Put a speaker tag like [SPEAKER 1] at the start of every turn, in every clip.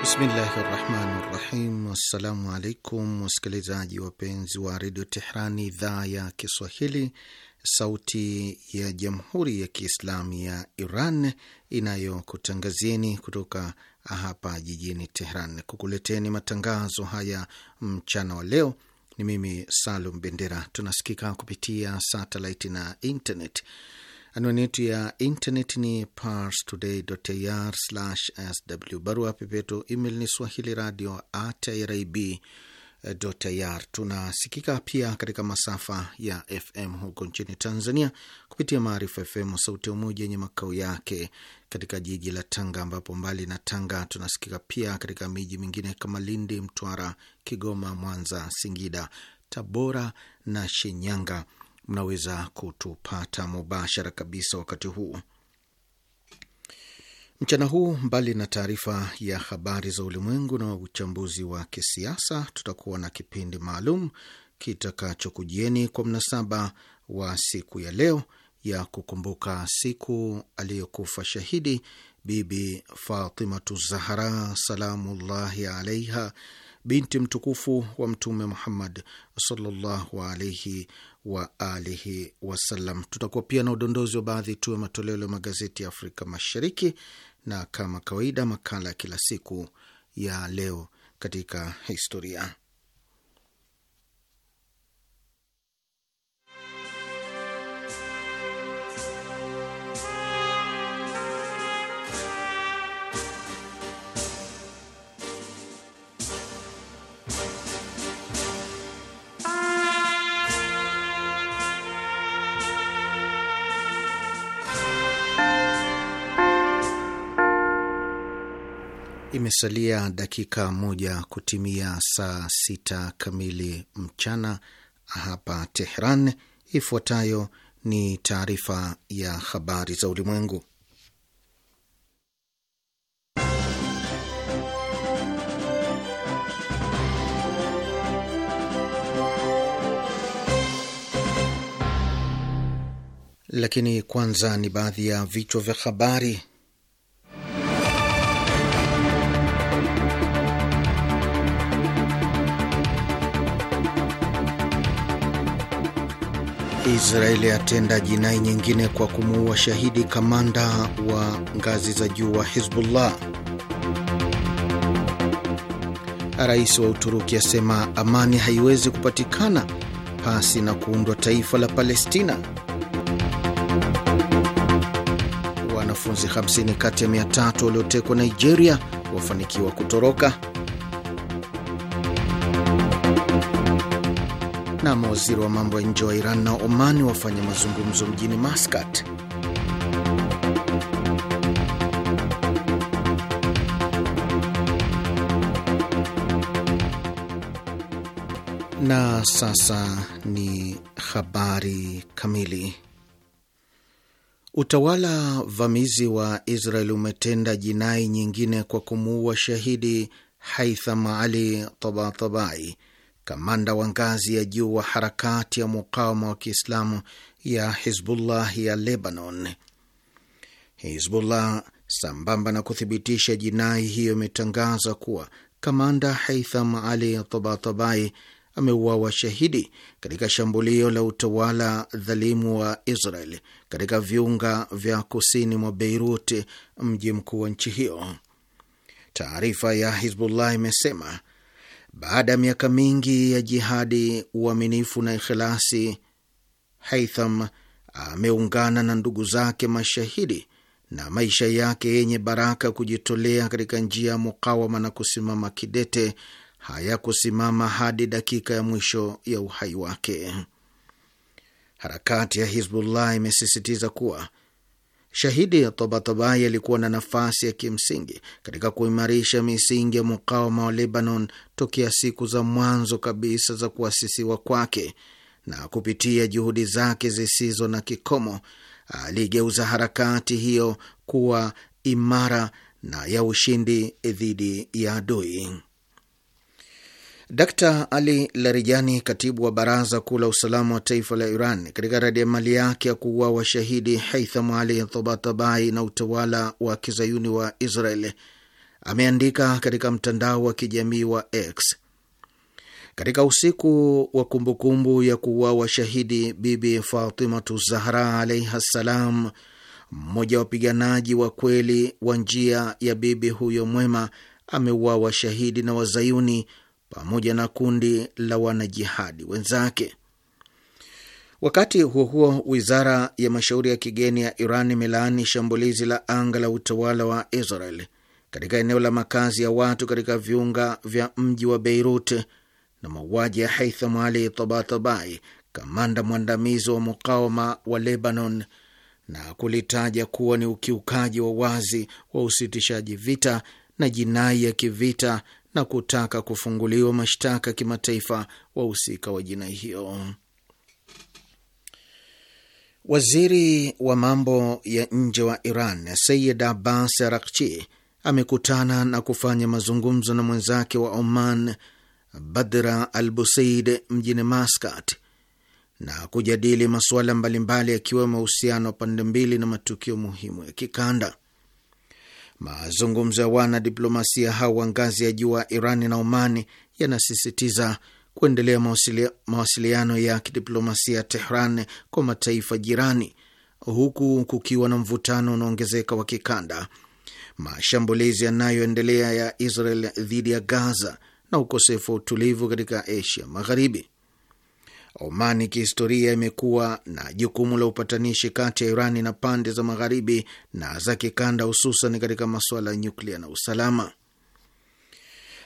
[SPEAKER 1] Bismillahi rahmani rahim. Assalamu alaikum wasikilizaji wapenzi wa redio Tehrani, idhaa ya Kiswahili, sauti ya jamhuri ya Kiislamu ya Iran inayokutangazieni kutoka hapa jijini Tehran kukuleteni matangazo haya mchana wa leo. Ni mimi Salum Bendera. Tunasikika kupitia satelaiti na internet. Anwani yetu ya internet ni parstoday.ir/sw. Barua pepeto email ni swahili radio at irib Tunasikika pia katika masafa ya FM huko nchini Tanzania kupitia Maarifa FM sauti ya Umoja yenye makao yake katika jiji la Tanga, ambapo mbali na Tanga tunasikika pia katika miji mingine kama Lindi, Mtwara, Kigoma, Mwanza, Singida, Tabora na Shinyanga mnaweza kutupata mubashara kabisa wakati huu mchana huu. Mbali na taarifa ya habari za ulimwengu na uchambuzi wa kisiasa, tutakuwa na kipindi maalum kitakachokujieni kwa mnasaba wa siku ya leo ya kukumbuka siku aliyokufa shahidi Bibi Fatimatu Zahra salamullahi alaiha, binti mtukufu wa Mtume Muhammad sallallahu alaihi wa alihi wasallam. Tutakuwa pia na udondozi wa baadhi tu ya matoleo ya magazeti ya Afrika Mashariki na kama kawaida makala ya kila siku ya leo katika historia. Imesalia dakika moja kutimia saa sita kamili mchana hapa Tehran. Ifuatayo ni taarifa ya habari za ulimwengu, lakini kwanza ni baadhi ya vichwa vya habari. Israeli atenda jinai nyingine kwa kumuua shahidi kamanda wa ngazi za juu wa Hizbullah. Rais wa Uturuki asema amani haiwezi kupatikana pasi na kuundwa taifa la Palestina. Wanafunzi 50 kati ya 300 waliotekwa Nigeria wafanikiwa kutoroka. na mawaziri wa mambo ya nje wa Iran na Oman wafanya mazungumzo mjini Maskat. Na sasa ni habari kamili. Utawala vamizi wa Israel umetenda jinai nyingine kwa kumuua shahidi Haitham Ali Tabatabai kamanda wa ngazi ya juu wa harakati ya mukawama wa Kiislamu ya Hizbullah ya Lebanon. Hizbullah, sambamba na kuthibitisha jinai hiyo, imetangaza kuwa kamanda Haitham Ali Tabatabai ameuawa shahidi katika shambulio la utawala dhalimu wa Israel katika viunga vya kusini mwa Beirut, mji mkuu wa nchi hiyo. Taarifa ya Hizbullah imesema baada ya miaka mingi ya jihadi, uaminifu na ikhilasi, Haitham ameungana na ndugu zake mashahidi na maisha yake yenye baraka kujitolea katika njia ya mukawama na kusimama kidete hayakusimama hadi dakika ya mwisho ya uhai wake. Harakati ya Hizbullah imesisitiza kuwa Shahidi Tabatabai alikuwa na nafasi ya kimsingi katika kuimarisha misingi ya mukawama wa Lebanon tokea siku za mwanzo kabisa za kuasisiwa kwake, na kupitia juhudi zake zisizo na kikomo aligeuza harakati hiyo kuwa imara na ya ushindi dhidi ya adui. Dkt Ali Larijani, katibu wa baraza kuu la usalama wa taifa la Iran, katika mali yake ya kuuawa shahidi Haitham Ali Tabatabai na utawala wa kizayuni wa israel ameandika katika mtandao wa kijamii wa X: katika usiku wa kumbukumbu ya kuua washahidi Bibi Fatimatu Zahra alaihi ssalam, mmoja wa wapiganaji wa kweli wa njia ya bibi huyo mwema ameuawa shahidi na wazayuni pamoja na kundi la wanajihadi wenzake. Wakati huo huo, wizara ya mashauri ya kigeni ya Iran imelaani shambulizi la anga la utawala wa Israel katika eneo la makazi ya watu katika viunga vya mji wa Beirut na mauaji ya Haitham Ali Tabatabai, kamanda mwandamizi wa mukawama wa Lebanon, na kulitaja kuwa ni ukiukaji wa wazi wa usitishaji vita na jinai ya kivita na kutaka kufunguliwa mashtaka kimataifa wahusika wa jinai hiyo. Waziri wa mambo ya nje wa Iran Sayid Abbas Arakchi amekutana na kufanya mazungumzo na mwenzake wa Oman Badra Al Busaid mjini Maskat na kujadili masuala mbalimbali yakiwemo uhusiano wa pande mbili na matukio muhimu ya kikanda. Mazungumzo ya wanadiplomasia hao wa ngazi ya juu wa Irani na Omani yanasisitiza kuendelea mawasiliano ya kidiplomasia ya Tehran kwa mataifa jirani, huku kukiwa na mvutano unaongezeka wa kikanda, mashambulizi yanayoendelea ya Israel dhidi ya Gaza na ukosefu wa utulivu katika Asia Magharibi. Omani kihistoria imekuwa na jukumu la upatanishi kati ya Irani na pande za Magharibi na za kikanda, hususan katika masuala ya nyuklia na usalama.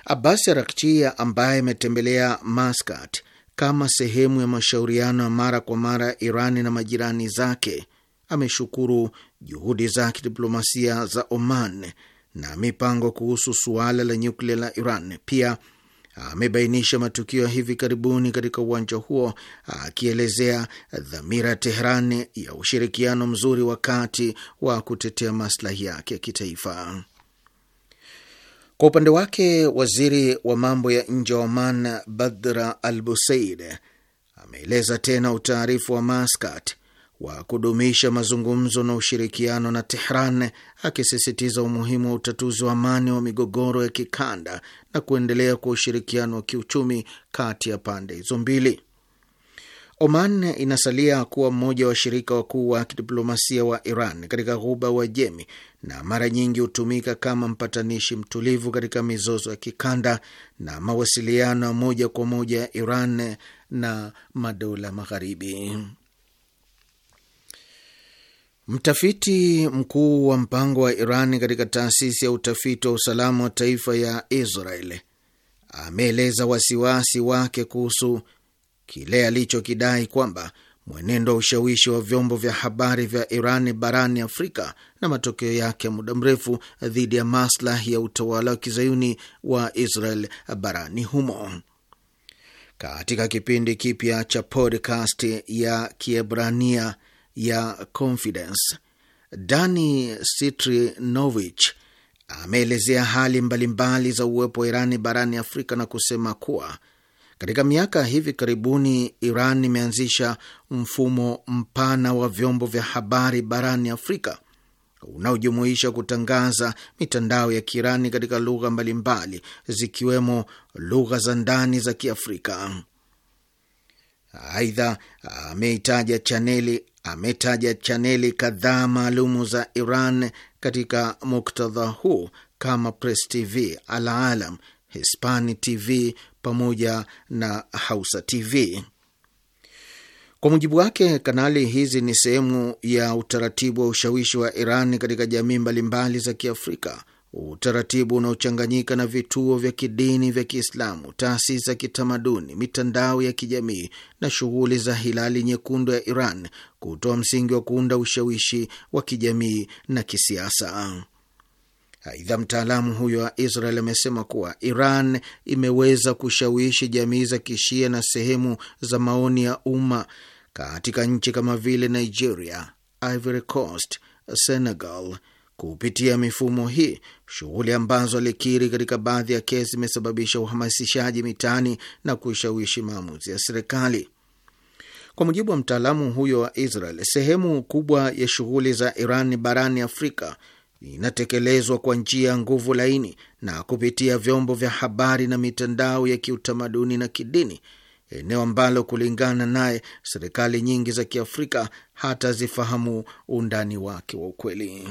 [SPEAKER 1] Abbas Arakchia ambaye ametembelea Maskat kama sehemu ya mashauriano ya mara kwa mara Irani na majirani zake ameshukuru juhudi za kidiplomasia za Oman na mipango kuhusu suala la nyuklia la Iran. Pia amebainisha matukio ya hivi karibuni katika uwanja huo, akielezea dhamira ya Tehran ya ushirikiano mzuri wakati wa kutetea maslahi yake ya kitaifa. Kwa upande wake, waziri wa mambo ya nje wa Oman Badra Al Buseid ameeleza tena utaarifu wa Maskat wa kudumisha mazungumzo na ushirikiano na Tehran, akisisitiza umuhimu wa utatuzi wa amani wa migogoro ya kikanda na kuendelea kwa ushirikiano wa kiuchumi kati ya pande hizo mbili. Oman inasalia kuwa mmoja wa washirika wakuu wa kidiplomasia wa Iran katika Ghuba wa jemi na mara nyingi hutumika kama mpatanishi mtulivu katika mizozo ya kikanda na mawasiliano ya moja kwa moja ya Iran na madola Magharibi. Mtafiti mkuu wa mpango wa Iran katika taasisi ya utafiti wa usalama wa taifa ya israel ameeleza wasiwasi wake kuhusu kile alichokidai kwamba mwenendo wa ushawishi wa vyombo vya habari vya Iran barani Afrika na matokeo yake ya muda mrefu dhidi ya maslahi ya utawala wa kizayuni wa Israel barani humo. Katika kipindi kipya cha podcast ya Kiebrania ya Confidence. Dani Sitrinovich ameelezea hali mbalimbali za uwepo wa Irani barani Afrika na kusema kuwa katika miaka hivi karibuni Iran imeanzisha mfumo mpana wa vyombo vya habari barani Afrika unaojumuisha kutangaza mitandao ya Kiirani katika lugha mbalimbali zikiwemo lugha za ndani za Kiafrika. Aidha, ameitaja chaneli ametaja chaneli kadhaa maalumu za Iran katika muktadha huu kama Press TV, Al Alam, Hispani TV pamoja na Hausa TV. Kwa mujibu wake, kanali hizi ni sehemu ya utaratibu wa ushawishi wa Iran katika jamii mbalimbali za Kiafrika utaratibu unaochanganyika na vituo vya kidini vya Kiislamu, taasisi za kitamaduni, mitandao ya kijamii na shughuli za Hilali Nyekundu ya Iran kutoa msingi wa kuunda ushawishi wa kijamii na kisiasa. Aidha, mtaalamu huyo wa Israel amesema kuwa Iran imeweza kushawishi jamii za Kishia na sehemu za maoni ya umma katika nchi kama vile Nigeria, Ivory Coast, Senegal, Kupitia mifumo hii, shughuli ambazo alikiri katika baadhi ya kesi zimesababisha uhamasishaji mitaani na kushawishi maamuzi ya serikali. Kwa mujibu wa mtaalamu huyo wa Israel, sehemu kubwa ya shughuli za Iran barani Afrika inatekelezwa kwa njia ya nguvu laini na kupitia vyombo vya habari na mitandao ya kiutamaduni na kidini, eneo ambalo kulingana naye serikali nyingi za Kiafrika hatazifahamu undani wake wa ukweli.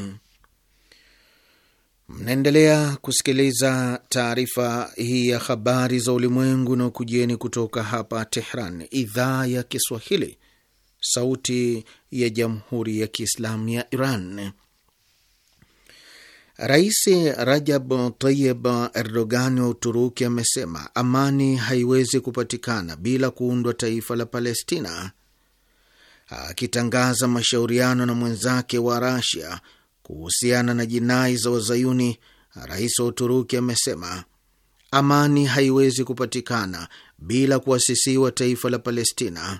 [SPEAKER 1] Mnaendelea kusikiliza taarifa hii ya habari za ulimwengu na ukujieni kutoka hapa Tehran, idhaa ya Kiswahili, sauti ya jamhuri ya kiislamu ya Iran. Rais Rajab Tayyib Erdogan wa Uturuki amesema amani haiwezi kupatikana bila kuundwa taifa la Palestina, akitangaza mashauriano na mwenzake wa Rasia Kuhusiana na jinai za Wazayuni, rais wa Uturuki amesema amani haiwezi kupatikana bila kuasisiwa taifa la Palestina.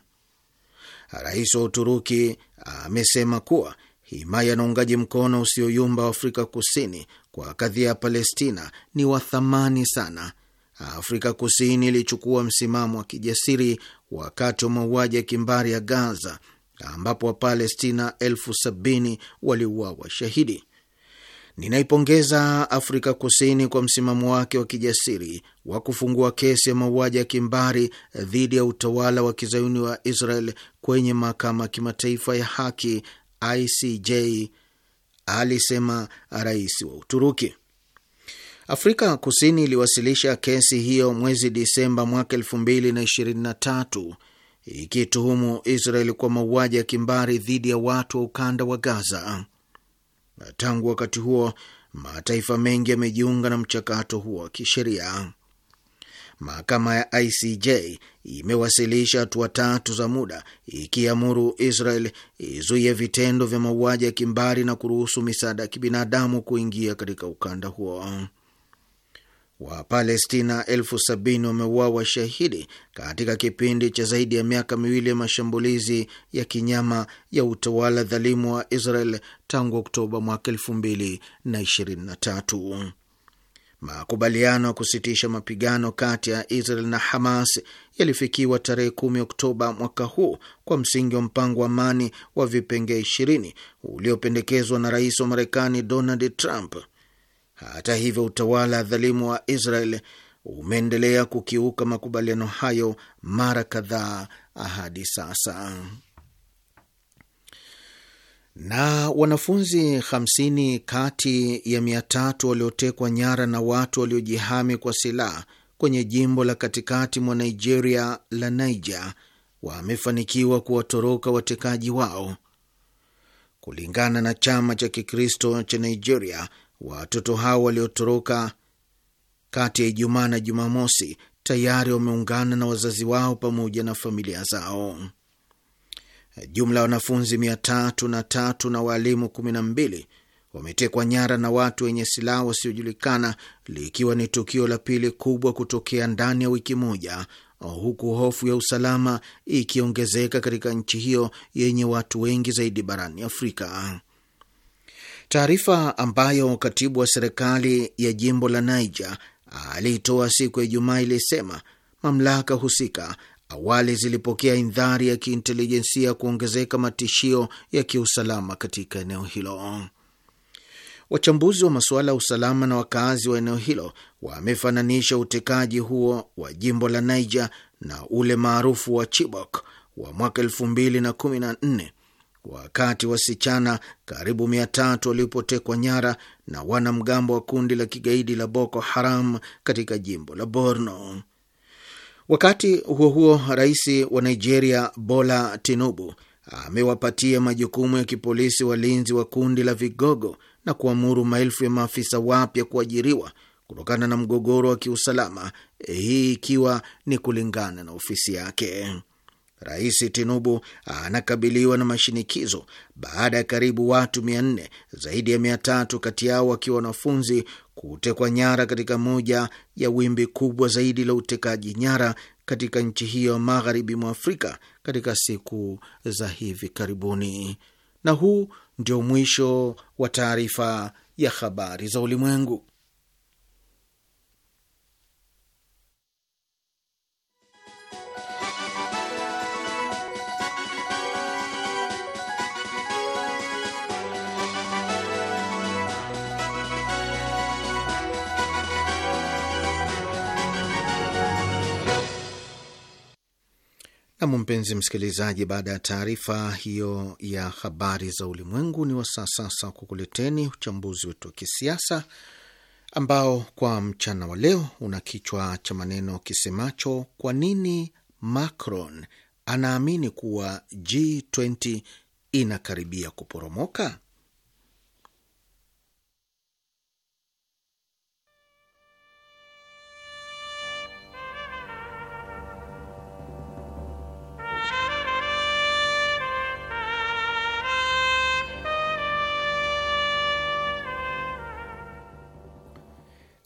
[SPEAKER 1] Rais wa Uturuki amesema kuwa himaya na uungaji mkono usioyumba wa Afrika Kusini kwa kadhia ya Palestina ni wa thamani sana. Afrika Kusini ilichukua msimamo wa kijasiri wakati wa mauaji ya kimbari ya Gaza ambapo Wapalestina elfu sabini waliuawa shahidi. Ninaipongeza Afrika Kusini kwa msimamo wake wa kijasiri wa kufungua kesi ya mauaji ya kimbari dhidi ya utawala wa kizayuni wa Israel kwenye mahakama ya kimataifa ya haki ICJ, alisema rais wa Uturuki. Afrika Kusini iliwasilisha kesi hiyo mwezi Disemba mwaka 2023 ikituhumu Israel kwa mauaji ya kimbari dhidi ya watu wa ukanda wa Gaza. Tangu wakati huo, mataifa mengi yamejiunga na mchakato huo wa kisheria. Mahakama ya ICJ imewasilisha hatua tatu za muda ikiamuru Israel izuie vitendo vya mauaji ya kimbari na kuruhusu misaada ya kibinadamu kuingia katika ukanda huo. Wapalestina elfu sabini wameuawa shahidi katika kipindi cha zaidi ya miaka miwili ya mashambulizi ya kinyama ya utawala dhalimu wa Israel tangu Oktoba mwaka 2023. Makubaliano ya kusitisha mapigano kati ya Israel na Hamas yalifikiwa tarehe 10 Oktoba mwaka huu kwa msingi wa mpango wa amani wa vipengee 20 uliopendekezwa na rais wa Marekani Donald Trump. Hata hivyo, utawala dhalimu wa Israel umeendelea kukiuka makubaliano hayo mara kadhaa hadi sasa. Na wanafunzi 50 kati ya 3 waliotekwa nyara na watu waliojihami kwa silaha kwenye jimbo la katikati mwa Nigeria la Niger wamefanikiwa kuwatoroka watekaji wao, kulingana na chama cha Kikristo cha Nigeria Watoto hao waliotoroka kati ya Ijumaa na Jumamosi tayari wameungana na wazazi wao pamoja na familia zao. Jumla ya wanafunzi mia tatu na tatu na waalimu kumi na mbili wametekwa nyara na watu wenye silaha wasiojulikana, likiwa ni tukio la pili kubwa kutokea ndani ya wiki moja, huku hofu ya usalama ikiongezeka katika nchi hiyo yenye watu wengi zaidi barani Afrika. Taarifa ambayo katibu wa serikali ya jimbo la Niger aliitoa siku ya Ijumaa ilisema mamlaka husika awali zilipokea indhari ya kiintelijensia kuongezeka matishio ya kiusalama katika eneo hilo. Wachambuzi wa masuala ya usalama na wakazi wa eneo hilo wamefananisha utekaji huo wa jimbo la Niger na ule maarufu wa Chibok wa mwaka elfu mbili na kumi na nne wakati wasichana karibu mia tatu walipotekwa nyara na wanamgambo wa kundi la kigaidi la Boko Haram katika jimbo la Borno. Wakati huo huo, rais wa Nigeria Bola Tinubu amewapatia majukumu ya kipolisi walinzi wa kundi la vigogo na kuamuru maelfu ya maafisa wapya kuajiriwa kutokana na mgogoro wa kiusalama, hii ikiwa ni kulingana na ofisi yake. Rais Tinubu anakabiliwa na mashinikizo baada ya karibu watu nne, zaidi ya tatu kati yao wakiwa wanafunzi kutekwa nyara katika moja ya wimbi kubwa zaidi la utekaji nyara katika nchi hiyo magharibi mwa Afrika katika siku za hivi karibuni. Na huu ndio mwisho wa taarifa ya habari za ulimwengu. Nam, mpenzi msikilizaji, baada ya taarifa hiyo ya habari za ulimwengu, ni wasaa sasa kukuleteni uchambuzi wetu wa kisiasa ambao kwa mchana wa leo una kichwa cha maneno kisemacho kwa nini Macron anaamini kuwa G20 inakaribia kuporomoka.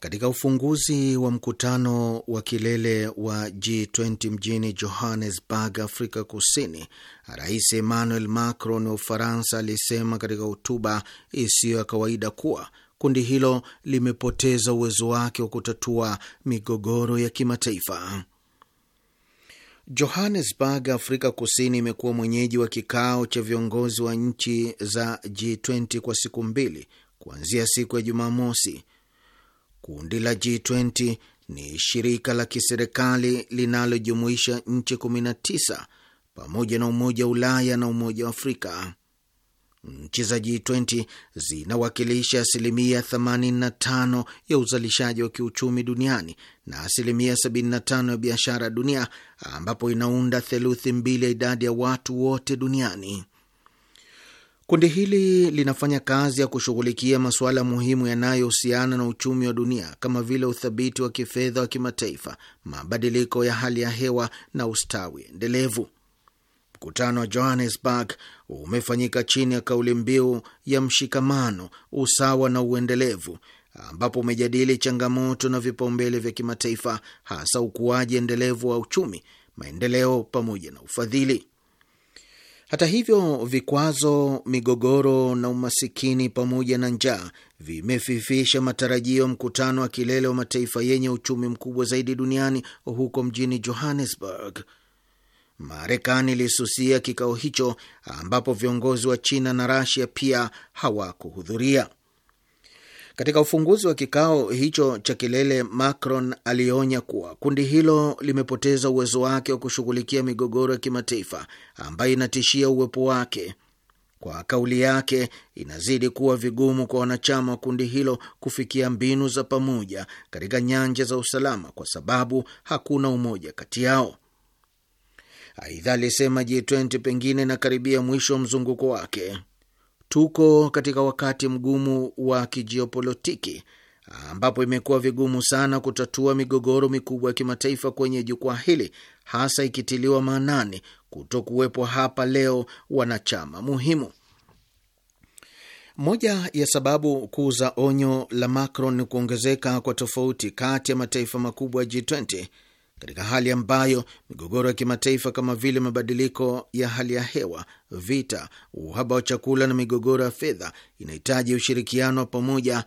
[SPEAKER 1] Katika ufunguzi wa mkutano wa kilele wa G20 mjini Johannesburg, Afrika Kusini, Rais Emmanuel Macron wa Ufaransa alisema katika hotuba isiyo ya kawaida kuwa kundi hilo limepoteza uwezo wake wa kutatua migogoro ya kimataifa. Johannesburg, Afrika Kusini, imekuwa mwenyeji wa kikao cha viongozi wa nchi za G20 kwa siku mbili kuanzia siku ya Jumamosi Kundi la G20 ni shirika la kiserikali linalojumuisha nchi 19 pamoja na Umoja wa Ulaya na Umoja wa Afrika. Nchi za G20 zinawakilisha asilimia 85 ya uzalishaji wa kiuchumi duniani na asilimia 75 ya biashara dunia, ambapo inaunda theluthi mbili ya idadi ya watu wote duniani. Kundi hili linafanya kazi ya kushughulikia masuala muhimu yanayohusiana na uchumi wa dunia kama vile uthabiti wa kifedha wa kimataifa, mabadiliko ya hali ya hewa na ustawi endelevu. Mkutano wa Johannesburg umefanyika chini ya kauli mbiu ya mshikamano, usawa na uendelevu, ambapo umejadili changamoto na vipaumbele vya kimataifa, hasa ukuaji endelevu wa uchumi, maendeleo pamoja na ufadhili. Hata hivyo, vikwazo, migogoro na umasikini pamoja na njaa vimefifisha matarajio mkutano wa kilele wa mataifa yenye uchumi mkubwa zaidi duniani huko mjini Johannesburg. Marekani ilisusia kikao hicho ambapo viongozi wa China na Rasia pia hawakuhudhuria. Katika ufunguzi wa kikao hicho cha kilele, Macron alionya kuwa kundi hilo limepoteza uwezo wake wa kushughulikia migogoro ya kimataifa ambayo inatishia uwepo wake. Kwa kauli yake, inazidi kuwa vigumu kwa wanachama wa kundi hilo kufikia mbinu za pamoja katika nyanja za usalama kwa sababu hakuna umoja kati yao. Aidha, alisema G20 pengine inakaribia mwisho wa mzunguko wake tuko katika wakati mgumu wa kijiopolitiki ambapo imekuwa vigumu sana kutatua migogoro mikubwa ya kimataifa kwenye jukwaa hili, hasa ikitiliwa maanani kuto kuwepo hapa leo wanachama muhimu. Moja ya sababu kuu za onyo la Macron ni kuongezeka kwa tofauti kati ya mataifa makubwa ya G20 katika hali ambayo migogoro ya kimataifa kama vile mabadiliko ya hali ya hewa, vita, uhaba wa chakula na migogoro ya fedha inahitaji ushirikiano wa pamoja.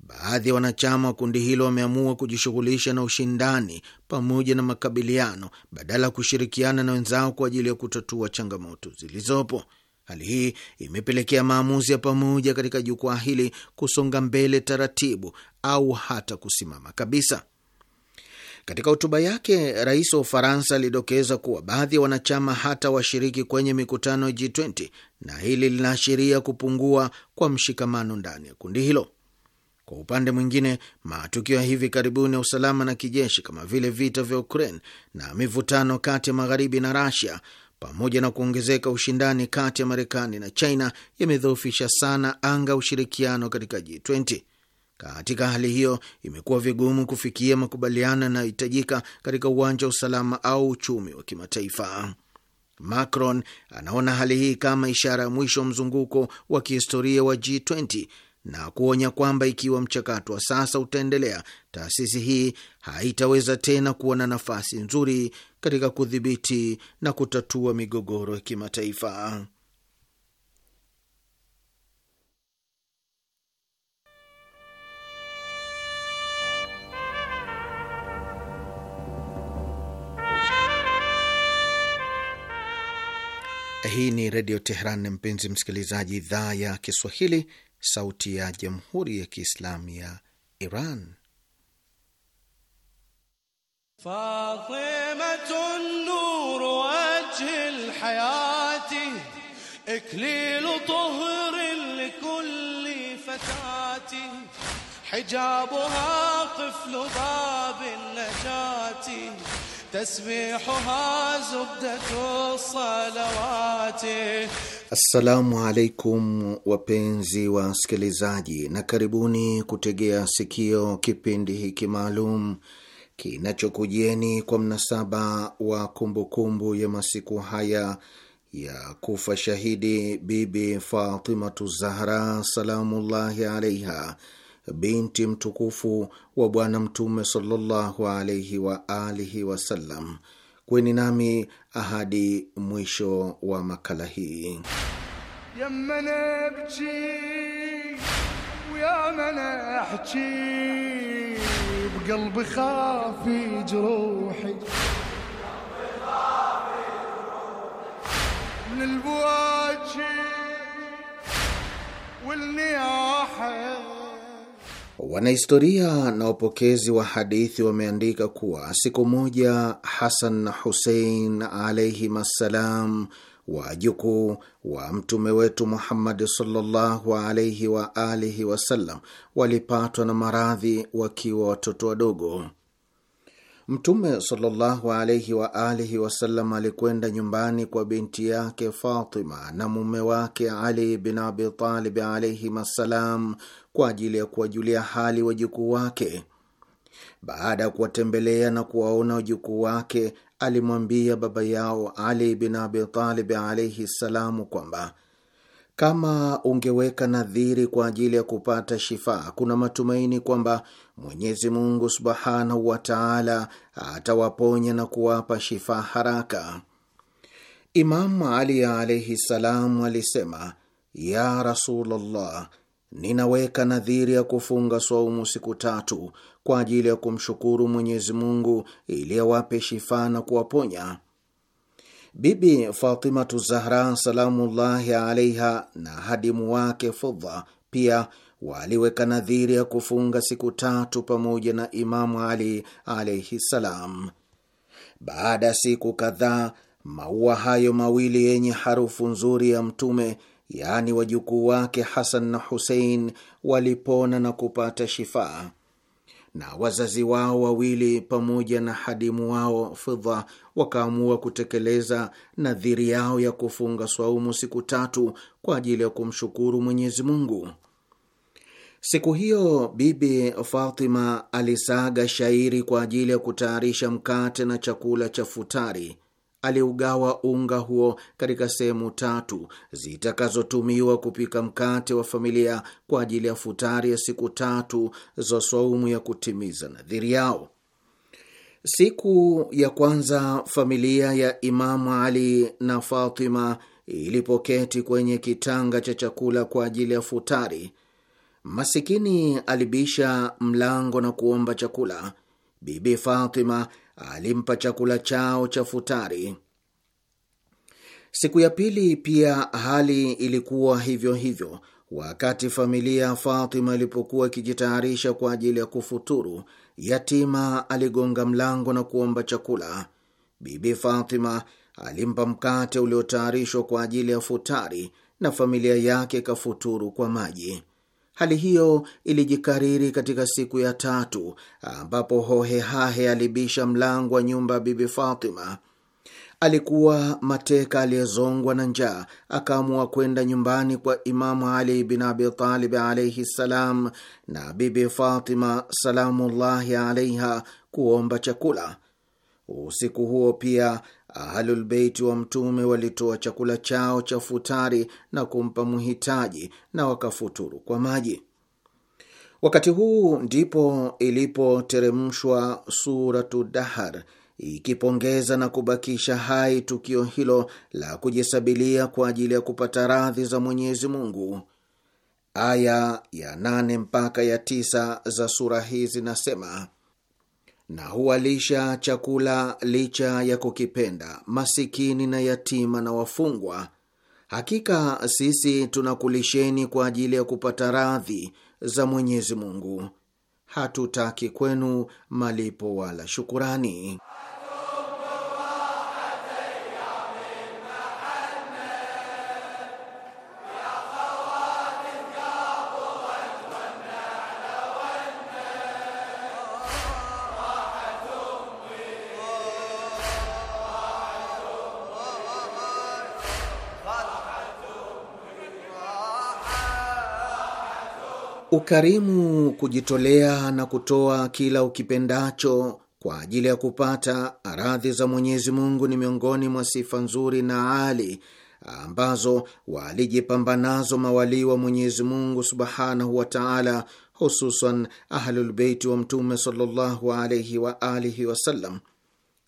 [SPEAKER 1] Baadhi ya wanachama wa kundi hilo wameamua kujishughulisha na ushindani pamoja na makabiliano badala ya kushirikiana na wenzao kwa ajili ya kutatua changamoto zilizopo. Hali hii imepelekea maamuzi ya pamoja katika jukwaa hili kusonga mbele taratibu au hata kusimama kabisa. Katika hotuba yake, rais wa Ufaransa alidokeza kuwa baadhi ya wanachama hata washiriki kwenye mikutano ya G20 na hili linaashiria kupungua kwa mshikamano ndani ya kundi hilo. Kwa upande mwingine, matukio ya hivi karibuni ya usalama na kijeshi kama vile vita vya Ukraine na mivutano kati ya magharibi na Russia pamoja na kuongezeka ushindani kati ya Marekani na China yamedhoofisha sana anga ushirikiano katika G20. Katika hali hiyo, imekuwa vigumu kufikia makubaliano yanayohitajika katika uwanja wa usalama au uchumi wa kimataifa. Macron anaona hali hii kama ishara ya mwisho mzunguko wa kihistoria wa G20 na kuonya kwamba ikiwa mchakato wa sasa utaendelea, taasisi hii haitaweza tena kuwa na nafasi nzuri katika kudhibiti na kutatua migogoro ya kimataifa. Hii ni Redio Tehran, mpenzi msikilizaji, idhaa ya Kiswahili, sauti ya Jamhuri ya Kiislamu ya Iran.
[SPEAKER 2] Fatimatun nuru wajhil hayati
[SPEAKER 1] Assalamu alaikum wapenzi wa wasikilizaji, na karibuni kutegea sikio kipindi hiki maalum kinachokujieni kwa mnasaba wa kumbukumbu kumbu ya masiku haya ya kufa shahidi Bibi Fatimatu Zahra salamullahi alaiha binti mtukufu wa Bwana Mtume sallallahu alaihi wa alihi wasallam. Kweni nami ahadi mwisho wa makala hii. Wanahistoria na wapokezi wa hadithi wameandika kuwa siku moja Hasan na Husein alaihim assalam, wajukuu wa mtume wetu Muhammadi sallallahu alaihi wa alihi wasallam, walipatwa na maradhi wakiwa watoto wadogo. Mtume sallallahu alaihi wa alihi wasallam alikwenda nyumbani kwa binti yake Fatima na mume wake Ali bin Abitalib alaihim assalam kwa ajili ya kuwajulia hali wajukuu wake. Baada ya kuwatembelea na kuwaona wajukuu wake, alimwambia baba yao Ali bin Abi Talib alaihi ssalamu kwamba kama ungeweka nadhiri kwa ajili ya kupata shifaa, kuna matumaini kwamba Mwenyezi Mungu subhanahu wa taala atawaponya na kuwapa shifaa haraka. Imamu Ali alaihi ssalamu alisema, ya Rasulullah, Ninaweka nadhiri ya kufunga swaumu siku tatu kwa ajili ya kumshukuru Mwenyezi Mungu ili awape shifa na kuwaponya. Bibi Fatimatu Zahra salamullahi alaiha na hadimu wake Fudha pia waliweka nadhiri ya kufunga siku tatu pamoja na Imamu Ali alaihi salam. Baada ya siku kadhaa, maua hayo mawili yenye harufu nzuri ya Mtume yaani wajukuu wake Hasan na Husein walipona na kupata shifaa, na wazazi wao wawili pamoja na hadimu wao Fidha wakaamua kutekeleza nadhiri yao ya kufunga swaumu siku tatu kwa ajili ya kumshukuru Mwenyezi Mungu. Siku hiyo Bibi Fatima alisaga shairi kwa ajili ya kutayarisha mkate na chakula cha futari aliugawa unga huo katika sehemu tatu zitakazotumiwa kupika mkate wa familia kwa ajili ya futari ya siku tatu za swaumu ya kutimiza nadhiri yao. Siku ya kwanza familia ya Imamu Ali na Fatima ilipoketi kwenye kitanga cha chakula kwa ajili ya futari, masikini alibisha mlango na kuomba chakula. Bibi Fatima alimpa chakula chao cha futari. Siku ya pili pia hali ilikuwa hivyo hivyo. Wakati familia ya Fatima ilipokuwa ikijitayarisha kwa ajili ya kufuturu, yatima aligonga mlango na kuomba chakula. Bibi Fatima alimpa mkate uliotayarishwa kwa ajili ya futari na familia yake ikafuturu kwa maji. Hali hiyo ilijikariri katika siku ya tatu, ambapo hohehahe alibisha mlango wa nyumba ya Bibi Fatima. Alikuwa mateka aliyezongwa na njaa, akaamua kwenda nyumbani kwa Imamu Ali bin Abi Talib alaihi ssalam na Bibi Fatima salamullahi alaiha kuomba chakula. Usiku huo pia Ahlulbeiti wa Mtume walitoa chakula chao cha futari na kumpa mhitaji na wakafuturu kwa maji. Wakati huu ndipo ilipoteremshwa Suratu Dahar ikipongeza na kubakisha hai tukio hilo la kujisabilia kwa ajili ya kupata radhi za Mwenyezi Mungu. Aya ya nane mpaka ya tisa za sura hii zinasema na huwalisha chakula licha ya kukipenda masikini na yatima na wafungwa. Hakika sisi tunakulisheni kwa ajili ya kupata radhi za Mwenyezi Mungu, hatutaki kwenu malipo wala shukurani. Ukarimu, kujitolea na kutoa kila ukipendacho kwa ajili ya kupata radhi za Mwenyezi Mungu ni miongoni mwa sifa nzuri na ali ambazo walijipamba nazo mawalii wa Mwenyezi Mungu subhanahu wa taala, hususan Ahlulbeiti wa Mtume sallallahu alaihi wa alihi wasallam.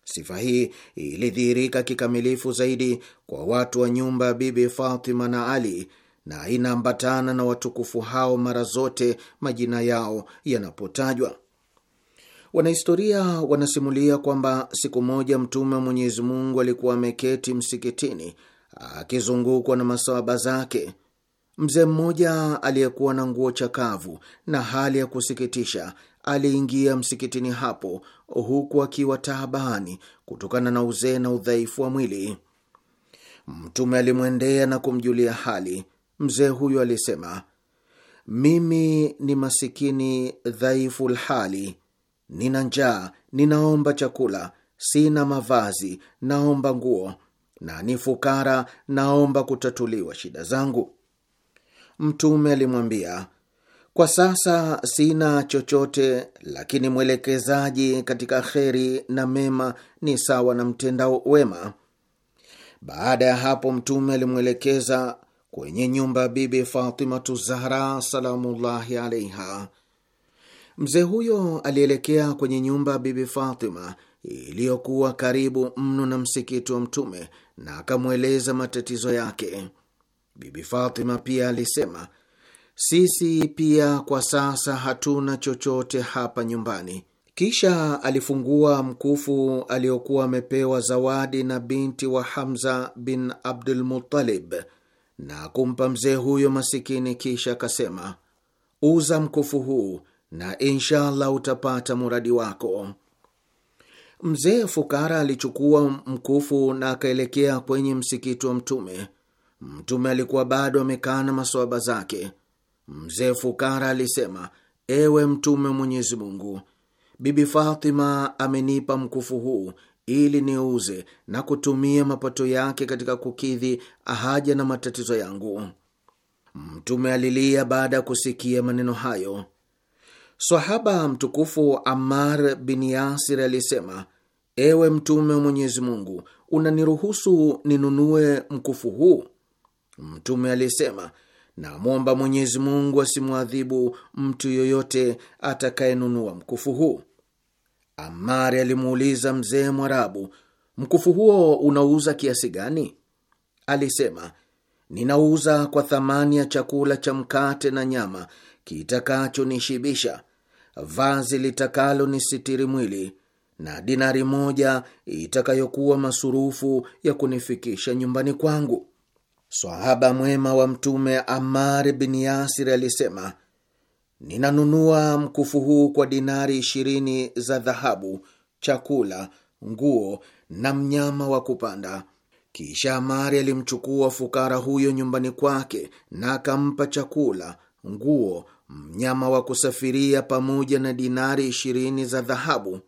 [SPEAKER 1] Sifa hii ilidhihirika kikamilifu zaidi kwa watu wa nyumba ya Bibi Fatima na Ali na inaambatana na watukufu hao mara zote majina yao yanapotajwa. Wanahistoria wanasimulia kwamba siku moja Mtume wa Mwenyezi Mungu alikuwa ameketi msikitini akizungukwa na masahaba zake. Mzee mmoja aliyekuwa na nguo chakavu na hali ya kusikitisha aliingia msikitini hapo, huku akiwa taabani kutokana na uzee na udhaifu wa mwili. Mtume alimwendea na kumjulia hali. Mzee huyo alisema, mimi ni masikini dhaifu lhali, nina njaa, ninaomba chakula, sina mavazi, naomba nguo, na ni fukara, naomba kutatuliwa shida zangu. Mtume alimwambia, kwa sasa sina chochote, lakini mwelekezaji katika kheri na mema ni sawa na mtenda wema. Baada ya hapo, Mtume alimwelekeza kwenye nyumba ya Bibi Fatimatu Zahra salamullahi alaiha. Mzee huyo alielekea kwenye nyumba ya Bibi Fatima iliyokuwa karibu mno na msikiti wa Mtume na akamweleza matatizo yake. Bibi Fatima pia alisema, sisi pia kwa sasa hatuna chochote hapa nyumbani. Kisha alifungua mkufu aliokuwa amepewa zawadi na binti wa Hamza bin Abdul Muttalib na kumpa mzee huyo masikini, kisha akasema, uza mkufu huu na inshallah utapata muradi wako. Mzee fukara alichukua mkufu na akaelekea kwenye msikiti wa Mtume. Mtume alikuwa bado amekaa na masoaba zake. Mzee fukara alisema, ewe Mtume Mwenyezi Mungu, Bibi Fatima amenipa mkufu huu ili niuze na kutumia mapato yake katika kukidhi haja na matatizo yangu. Mtume alilia baada ya kusikia maneno hayo. Swahaba mtukufu amar bin Yasir alisema, ewe Mtume wa Mwenyezi Mungu, unaniruhusu ninunue mkufu huu? Mtume alisema, namwomba Mwenyezi Mungu asimwadhibu mtu yoyote atakayenunua mkufu huu. Amari alimuuliza mzee Mwarabu, mkufu huo unauza kiasi gani? Alisema, ninauza kwa thamani ya chakula cha mkate na nyama kitakachonishibisha, vazi litakalonisitiri mwili na dinari moja itakayokuwa masurufu ya kunifikisha nyumbani kwangu. Swahaba mwema wa Mtume Amar bin Yasir alisema Ninanunua mkufu huu kwa dinari ishirini za dhahabu, chakula, nguo na mnyama wa kupanda. Kisha Mari alimchukua fukara huyo nyumbani kwake na akampa chakula, nguo, mnyama wa kusafiria pamoja na dinari ishirini za dhahabu.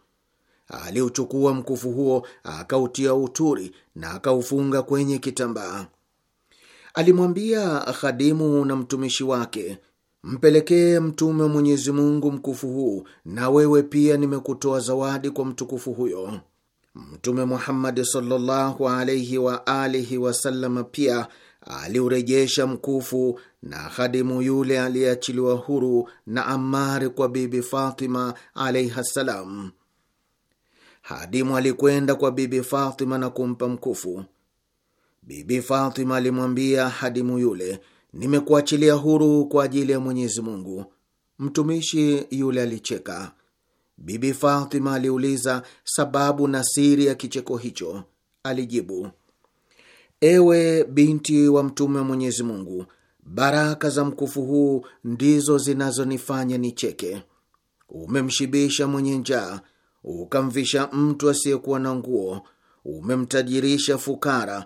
[SPEAKER 1] Aliuchukua mkufu huo akautia uturi na akaufunga kwenye kitambaa. Alimwambia khadimu na mtumishi wake Mpelekee mtume wa Mwenyezi Mungu mkufu huu, na wewe pia nimekutoa zawadi kwa mtukufu huyo. Mtume Muhammadi sallallahu alaihi wa alihi wasallam pia aliurejesha mkufu na khadimu yule aliyeachiliwa huru na Amari kwa Bibi Fatima alaihi ssalam. Hadimu alikwenda kwa Bibi Fatima na kumpa mkufu. Bibi Fatima alimwambia hadimu yule nimekuachilia huru kwa ajili ya Mwenyezi Mungu. Mtumishi yule alicheka. Bibi Fatima aliuliza sababu na siri ya kicheko hicho. Alijibu, ewe binti wa Mtume wa Mwenyezi Mungu, baraka za mkufu huu ndizo zinazonifanya nicheke. Umemshibisha mwenye njaa, ukamvisha mtu asiyekuwa na nguo, umemtajirisha fukara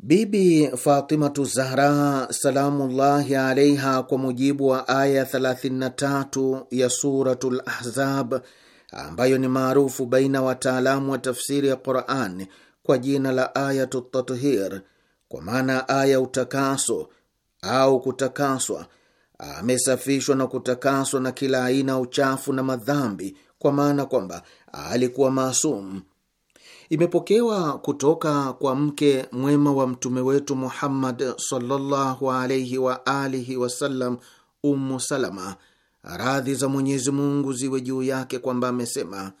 [SPEAKER 1] Bibi Fatimatu Zahra salamullahi alaiha, kwa mujibu wa aya 33 ya Suratul Ahzab ambayo ni maarufu baina wataalamu wa tafsiri ya Quran kwa jina la Ayatu Tathir, kwa maana aya utakaso au kutakaswa. Amesafishwa na kutakaswa na kila aina ya uchafu na madhambi, kwa maana kwamba alikuwa maasum. Imepokewa kutoka kwa mke mwema wa mtume wetu Muhammad sallallahu alaihi wa alihi wasallam, Salama, radhi za Mwenyezi Mungu ziwe juu yake, kwamba amesema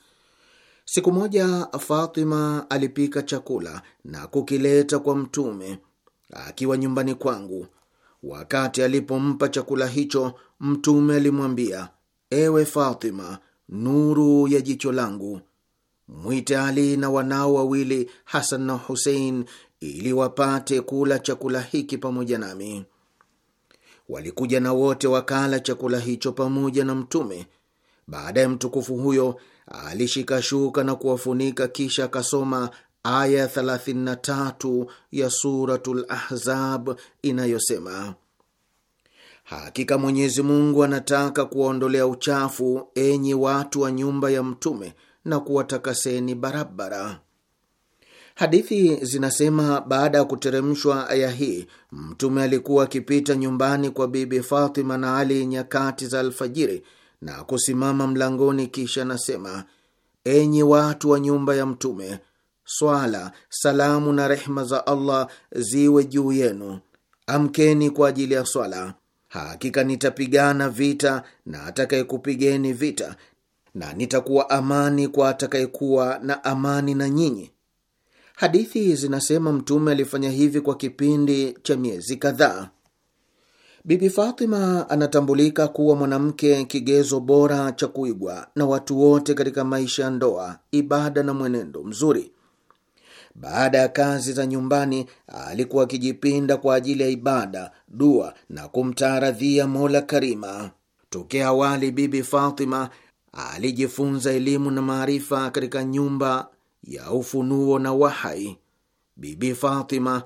[SPEAKER 1] siku moja Fatima alipika chakula na kukileta kwa mtume akiwa nyumbani kwangu. Wakati alipompa chakula hicho, mtume alimwambia, ewe Fatima, nuru ya jicho langu Mwite Ali na wanao wawili Hasan na Husein ili wapate kula chakula hiki pamoja nami. Walikuja na wote wakala chakula hicho pamoja na Mtume. Baadaye mtukufu huyo alishika shuka na kuwafunika, kisha akasoma aya 33 ya Suratul Ahzab inayosema, hakika Mwenyezi Mungu anataka kuwaondolea uchafu enyi watu wa nyumba ya Mtume na kuwatakaseni barabara. Hadithi zinasema baada ya kuteremshwa aya hii, Mtume alikuwa akipita nyumbani kwa Bibi Fatima na Ali nyakati za alfajiri na kusimama mlangoni, kisha anasema: enyi watu wa nyumba ya Mtume, swala, salamu na rehma za Allah ziwe juu yenu, amkeni kwa ajili ya swala. Hakika nitapigana vita na atakayekupigeni vita na nitakuwa amani kwa atakayekuwa na amani na nyinyi. Hadithi zinasema Mtume alifanya hivi kwa kipindi cha miezi kadhaa. Bibi Fatima anatambulika kuwa mwanamke kigezo bora cha kuigwa na watu wote katika maisha ya ndoa, ibada na mwenendo mzuri. Baada ya kazi za nyumbani, alikuwa akijipinda kwa ajili ya ibada, dua na kumtaaradhia Mola Karima. Tokea awali, Bibi Fatima alijifunza elimu na maarifa katika nyumba ya ufunuo na wahai. Bibi Fatima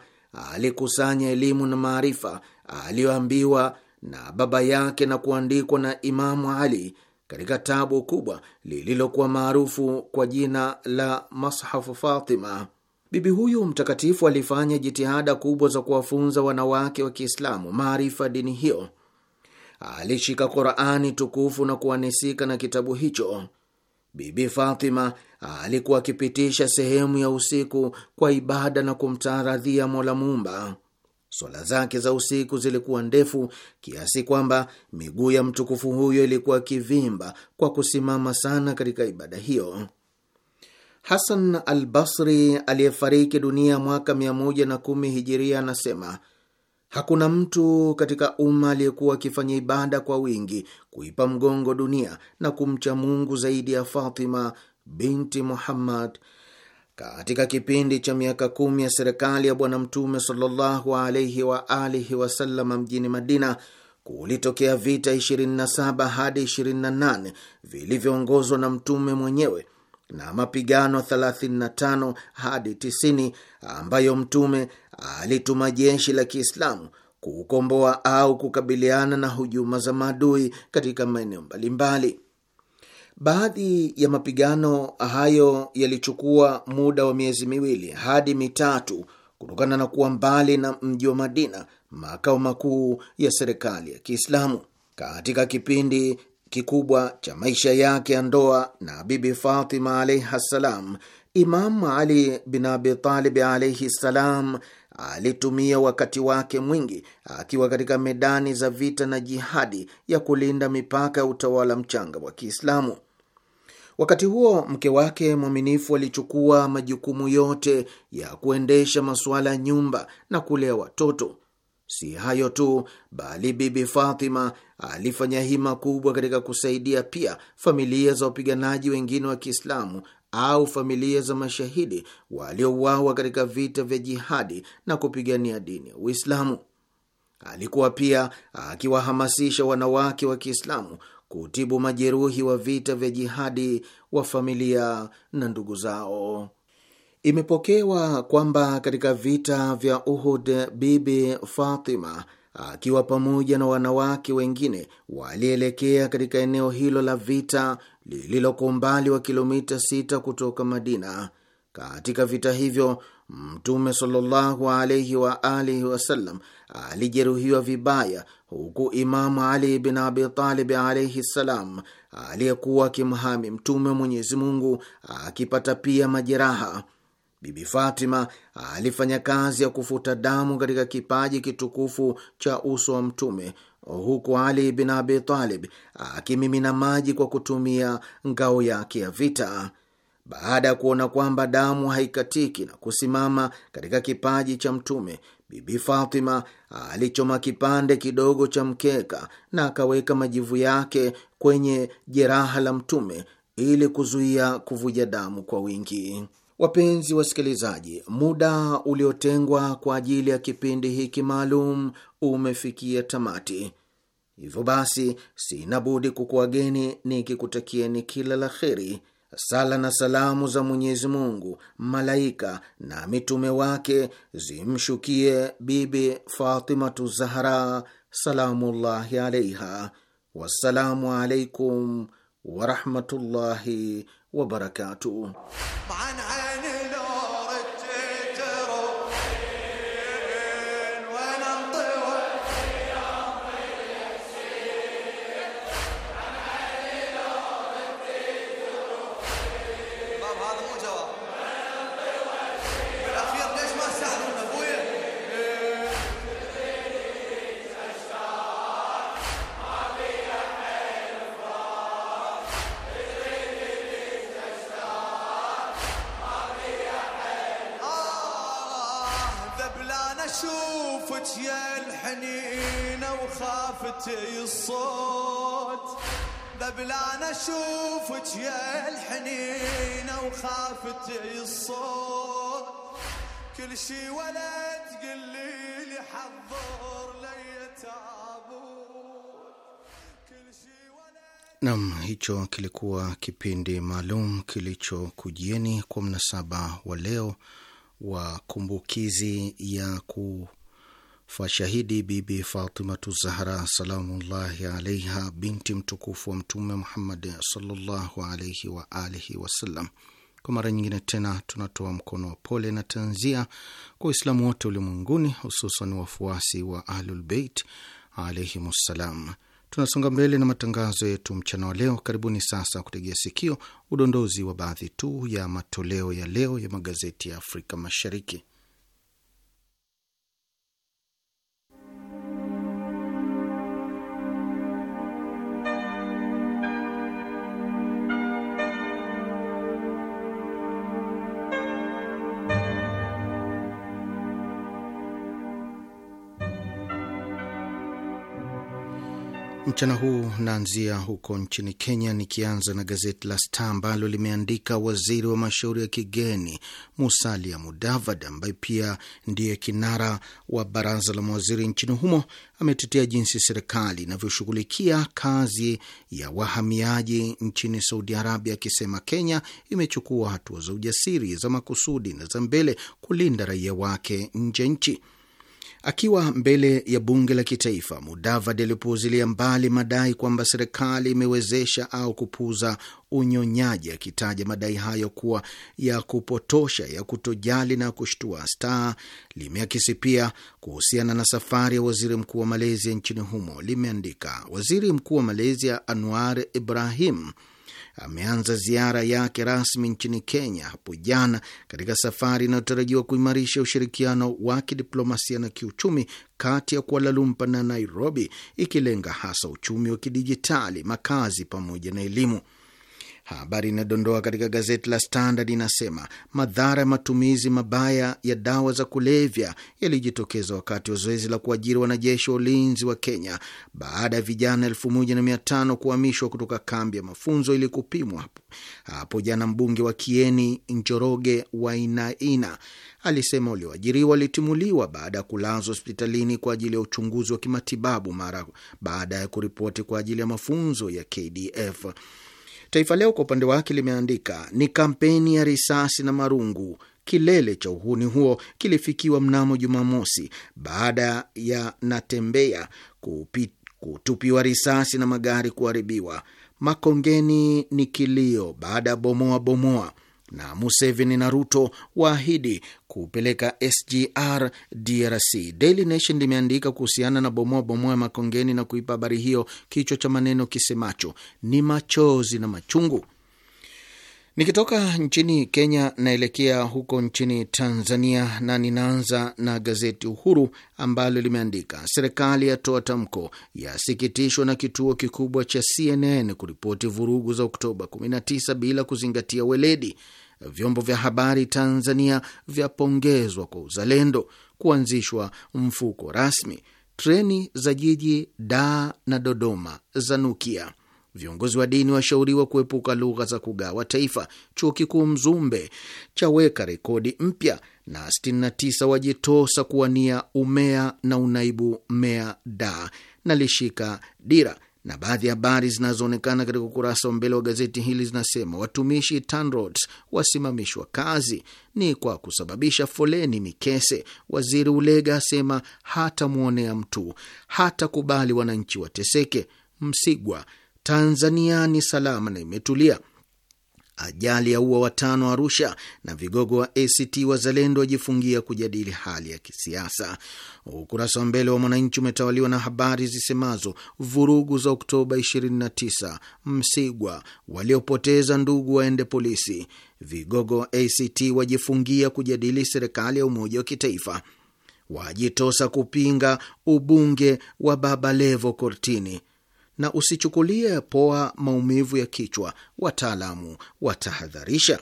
[SPEAKER 1] alikusanya elimu na maarifa aliyoambiwa na baba yake na kuandikwa na Imamu Ali katika tabu kubwa lililokuwa maarufu kwa jina la Mashafu Fatima. Bibi huyu mtakatifu alifanya jitihada kubwa za kuwafunza wanawake wa Kiislamu maarifa dini hiyo alishika Qurani tukufu na kuanisika na kitabu hicho. Bibi Fatima alikuwa akipitisha sehemu ya usiku kwa ibada na kumtaaradhia Mola Muumba. Swala zake za usiku zilikuwa ndefu kiasi kwamba miguu ya mtukufu huyo ilikuwa kivimba kwa kusimama sana katika ibada hiyo. Hasan al Basri aliyefariki dunia mwaka 110 hijiria anasema Hakuna mtu katika umma aliyekuwa akifanya ibada kwa wingi, kuipa mgongo dunia na kumcha Mungu zaidi ya Fatima binti Muhammad katika kipindi cha miaka kumi ya serikali ya Bwana Mtume sallallahu alaihi wa alihi wasallam mjini Madina kulitokea vita 27 hadi 28 vilivyoongozwa na mtume mwenyewe na mapigano 35 hadi 90 ambayo mtume alituma jeshi la Kiislamu kukomboa au kukabiliana na hujuma za maadui katika maeneo mbalimbali. Baadhi ya mapigano hayo yalichukua muda wa miezi miwili hadi mitatu kutokana na kuwa mbali na mji wa Madina, makao makuu ya serikali ya Kiislamu. Katika kipindi kikubwa cha maisha yake ya ndoa na Bibi Fatima alaihi ssalam, Imamu Ali bin Abi Talib alaihi ssalam alitumia wakati wake mwingi akiwa katika medani za vita na jihadi ya kulinda mipaka ya utawala mchanga wa Kiislamu. Wakati huo mke wake mwaminifu alichukua majukumu yote ya kuendesha masuala ya nyumba na kulea watoto. Si hayo tu, bali Bibi Fatima alifanya hima kubwa katika kusaidia pia familia za wapiganaji wengine wa Kiislamu au familia za mashahidi waliouawa katika vita vya jihadi na kupigania dini ya Uislamu. Alikuwa pia akiwahamasisha wanawake wa Kiislamu kutibu majeruhi wa vita vya jihadi wa familia na ndugu zao. Imepokewa kwamba katika vita vya Uhud, Bibi Fatima akiwa pamoja na wanawake wengine walielekea katika eneo hilo la vita lililoko umbali wa kilomita sita kutoka Madina. Katika vita hivyo Mtume sallallahu alaihi wa alihi wasallam alijeruhiwa vibaya, huku Imamu Ali bin Abitalib alaihi ssalam aliyekuwa akimhami Mtume wa Mwenyezi Mungu akipata pia majeraha. Bibi Fatima alifanya kazi ya kufuta damu katika kipaji kitukufu cha uso wa Mtume, huku Ali bin Abi Talib akimimina maji kwa kutumia ngao yake ya vita. Baada ya kuona kwamba damu haikatiki na kusimama katika kipaji cha Mtume, Bibi Fatima alichoma kipande kidogo cha mkeka na akaweka majivu yake kwenye jeraha la Mtume ili kuzuia kuvuja damu kwa wingi. Wapenzi wasikilizaji, muda uliotengwa kwa ajili ya kipindi hiki maalum umefikia tamati. Hivyo basi, sina budi kukuwageni nikikutakieni kila la kheri. Sala na salamu za Mwenyezi Mungu, malaika na mitume wake zimshukie Bibi Fatimatu Zahra salamullahi alaiha. Wassalamu alaikum warahmatullahi وبركاته هذا
[SPEAKER 2] مو جواب رفعتي الصوت انا اشوفك يا الحنينه وخافتي الصوت كل شي ولا تقلي لي حضر لي تابوت
[SPEAKER 1] Nam, hicho kilikuwa kipindi maalum kilichokujieni kwa mnasaba wa leo wa kumbukizi ya ku fashahidi Bibi Fatimatu Zahra salamullahi alaiha, binti mtukufu wa Mtume Muhammad sallallahu alaihi wa alihi wasallam. Kwa mara nyingine tena tunatoa mkono wa pole na tanzia kwa Waislamu wote ulimwenguni, hususan wafuasi wa Ahlulbeit ssalam. Tunasonga mbele na matangazo yetu mchana wa leo. Karibuni sasa kutegea sikio udondozi wa baadhi tu ya matoleo ya leo ya magazeti ya Afrika Mashariki. Mchana huu naanzia huko nchini Kenya, nikianza na gazeti la Star ambalo limeandika waziri wa mashauri ya kigeni Musalia Mudavadi, ambaye pia ndiye kinara wa baraza la mawaziri nchini humo, ametetea jinsi serikali inavyoshughulikia kazi ya wahamiaji nchini Saudi Arabia, akisema Kenya imechukua hatua za ujasiri za makusudi na za mbele kulinda raia wake nje nchi. Akiwa mbele ya bunge la kitaifa, Mudavadi alipuuzilia mbali madai kwamba serikali imewezesha au kupuuza unyonyaji, akitaja madai hayo kuwa ya kupotosha, ya kutojali na kushtua. Star limeakisi pia kuhusiana na safari ya waziri mkuu wa Malaysia nchini humo, limeandika waziri mkuu wa Malaysia Anwar Ibrahim ameanza ziara yake rasmi nchini Kenya hapo jana katika safari inayotarajiwa kuimarisha ushirikiano wa kidiplomasia na kiuchumi kati ya Kuala Lumpur na Nairobi, ikilenga hasa uchumi wa kidijitali, makazi pamoja na elimu. Habari inadondoa katika gazeti la Standard inasema madhara ya matumizi mabaya ya dawa za kulevya yalijitokeza wakati wa zoezi la kuajiri wanajeshi wa ulinzi wa Kenya baada ya vijana elfu moja na mia tano kuhamishwa kutoka kambi ya mafunzo ili kupimwa. Hapo jana mbunge wa Kieni Njoroge Wainaina alisema walioajiriwa walitimuliwa baada ya kulazwa hospitalini kwa ajili ya uchunguzi wa kimatibabu mara baada ya kuripoti kwa ajili ya mafunzo ya KDF. Taifa Leo kwa upande wake limeandika ni kampeni ya risasi na marungu. Kilele cha uhuni huo kilifikiwa mnamo Jumamosi baada ya Natembea kupi, kutupiwa risasi na magari kuharibiwa. Makongeni ni kilio baada ya bomoa bomoa, na Museveni na Ruto waahidi kupeleka SGR DRC. Daily Nation limeandika kuhusiana na bomoa bomoa ya Makongeni na kuipa habari hiyo kichwa cha maneno kisemacho ni machozi na machungu. Nikitoka nchini Kenya naelekea huko nchini Tanzania, na ninaanza na gazeti Uhuru ambalo limeandika serikali yatoa tamko, yasikitishwa na kituo kikubwa cha CNN kuripoti vurugu za Oktoba 19 bila kuzingatia weledi vyombo vya habari Tanzania vyapongezwa kwa uzalendo, kuanzishwa mfuko rasmi, treni za jiji Dar na Dodoma za nukia viongozi wa dini washauriwa kuepuka lugha za kugawa taifa, chuo kikuu Mzumbe chaweka rekodi mpya, na 69 wajitosa kuwania umea na unaibu mea da, lishika dira na baadhi ya habari zinazoonekana katika ukurasa wa mbele wa gazeti hili zinasema watumishi TANROADS wasimamishwa kazi ni kwa kusababisha foleni Mikese. Waziri Ulega asema hatamwonea mtu, hatakubali wananchi wateseke. Msigwa, Tanzania ni salama na imetulia. Ajali ya ua watano Arusha, na vigogo wa ACT Wazalendo wajifungia kujadili hali ya kisiasa. Ukurasa wa mbele wa Mwananchi umetawaliwa na habari zisemazo vurugu za Oktoba 29, Msigwa waliopoteza ndugu waende polisi, vigogo wa ACT wajifungia kujadili serikali ya umoja wa kitaifa, wajitosa kupinga ubunge wa Baba Levo kortini na usichukulie poa maumivu ya kichwa, wataalamu watahadharisha.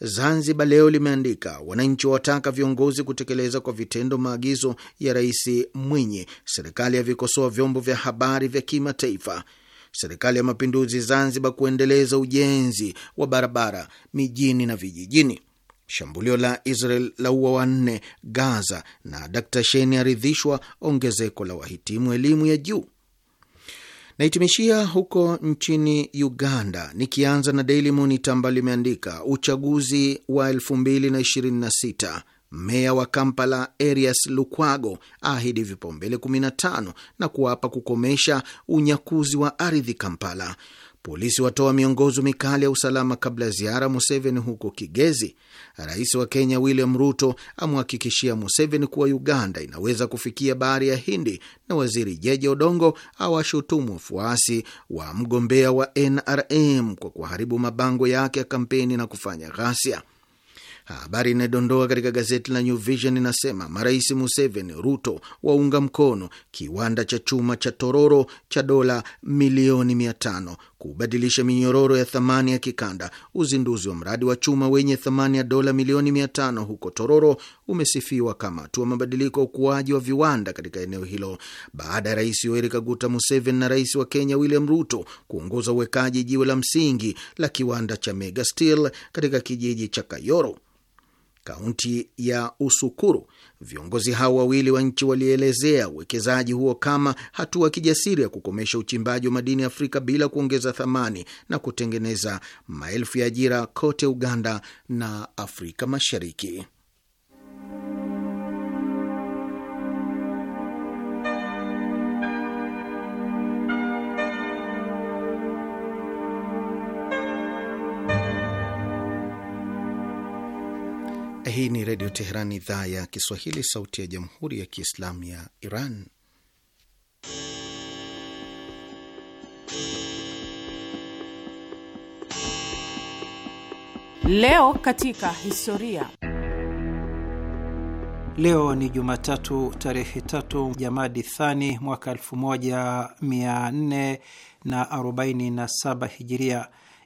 [SPEAKER 1] Zanzibar Leo limeandika wananchi wataka viongozi kutekeleza kwa vitendo maagizo ya Rais Mwinyi. Serikali yavikosoa vyombo vya habari vya kimataifa. Serikali ya Mapinduzi Zanzibar kuendeleza ujenzi wa barabara mijini na vijijini. Shambulio la Israel la ua wanne Gaza, na Dkt Sheni aridhishwa ongezeko la wahitimu elimu ya juu. Naitimishia huko nchini Uganda, nikianza na Daily Monitor ambayo limeandika uchaguzi wa 2026 meya wa Kampala arias Lukwago ahidi vipaumbele 15 na kuapa kukomesha unyakuzi wa ardhi Kampala. Polisi watoa miongozo mikali ya usalama kabla ya ziara Museveni huko Kigezi. Rais wa Kenya William Ruto amhakikishia Museveni kuwa Uganda inaweza kufikia bahari ya Hindi, na waziri Jeje Odongo awashutumu wafuasi wa mgombea wa NRM kwa kuharibu mabango yake ya kampeni na kufanya ghasia. Habari inayodondoa katika gazeti la New Vision inasema marais Museveni, Ruto waunga mkono kiwanda cha chuma cha Tororo cha dola milioni mia tano kubadilisha minyororo ya thamani ya kikanda. Uzinduzi wa mradi wa chuma wenye thamani ya dola milioni mia tano huko Tororo umesifiwa kama hatua mabadiliko ya ukuaji wa viwanda katika eneo hilo baada ya Rais Yoweri Kaguta Museveni na rais wa Kenya William Ruto kuongoza uwekaji jiwe la msingi la kiwanda cha Mega Steel katika kijiji cha Kayoro kaunti ya Usukuru. Viongozi hao wawili wa nchi walielezea uwekezaji huo kama hatua kijasiri ya kukomesha uchimbaji wa madini Afrika bila kuongeza thamani na kutengeneza maelfu ya ajira kote Uganda na Afrika Mashariki. Hii ni Redio Teheran, idhaa ya Kiswahili, sauti ya Jamhuri ya Kiislamu ya Iran.
[SPEAKER 3] Leo katika historia.
[SPEAKER 4] Leo ni Jumatatu tarehe tatu Jamadi Thani mwaka 1447 Hijiria,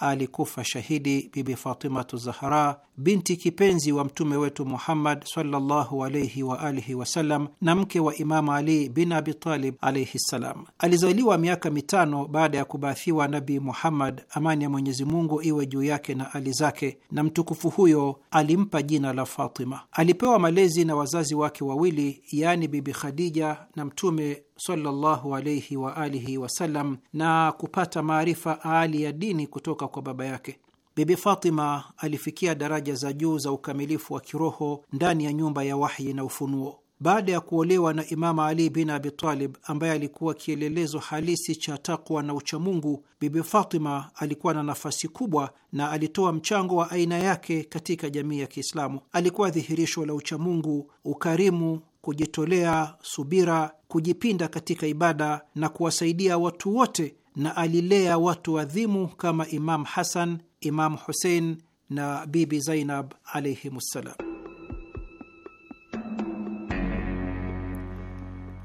[SPEAKER 4] alikufa shahidi Bibi Fatimatu Zahra, binti kipenzi wa mtume wetu Muhammad sallallahu alaihi wa alihi wasallam na mke wa Imamu Ali bin Abitalib alaihi ssalam. Alizaliwa miaka mitano baada ya kubaathiwa Nabi Muhammad, amani ya Mwenyezi Mungu iwe juu yake na ali zake, na mtukufu huyo alimpa jina la Fatima. Alipewa malezi na wazazi wake wawili, yaani Bibi Khadija na Mtume sallallahu alayhi wa alihi wasallam na kupata maarifa aali ya dini kutoka kwa baba yake. Bibi Fatima alifikia daraja za juu za ukamilifu wa kiroho ndani ya nyumba ya wahyi na ufunuo. Baada ya kuolewa na Imama Ali bin Abitalib, ambaye alikuwa kielelezo halisi cha takwa na uchamungu, Bibi Fatima alikuwa na nafasi kubwa na alitoa mchango wa aina yake katika jamii ya Kiislamu. Alikuwa dhihirisho la uchamungu, ukarimu kujitolea, subira, kujipinda katika ibada na kuwasaidia watu wote, na alilea watu adhimu kama Imam Hasan, Imam Husein na Bibi Zainab alaihimussalam.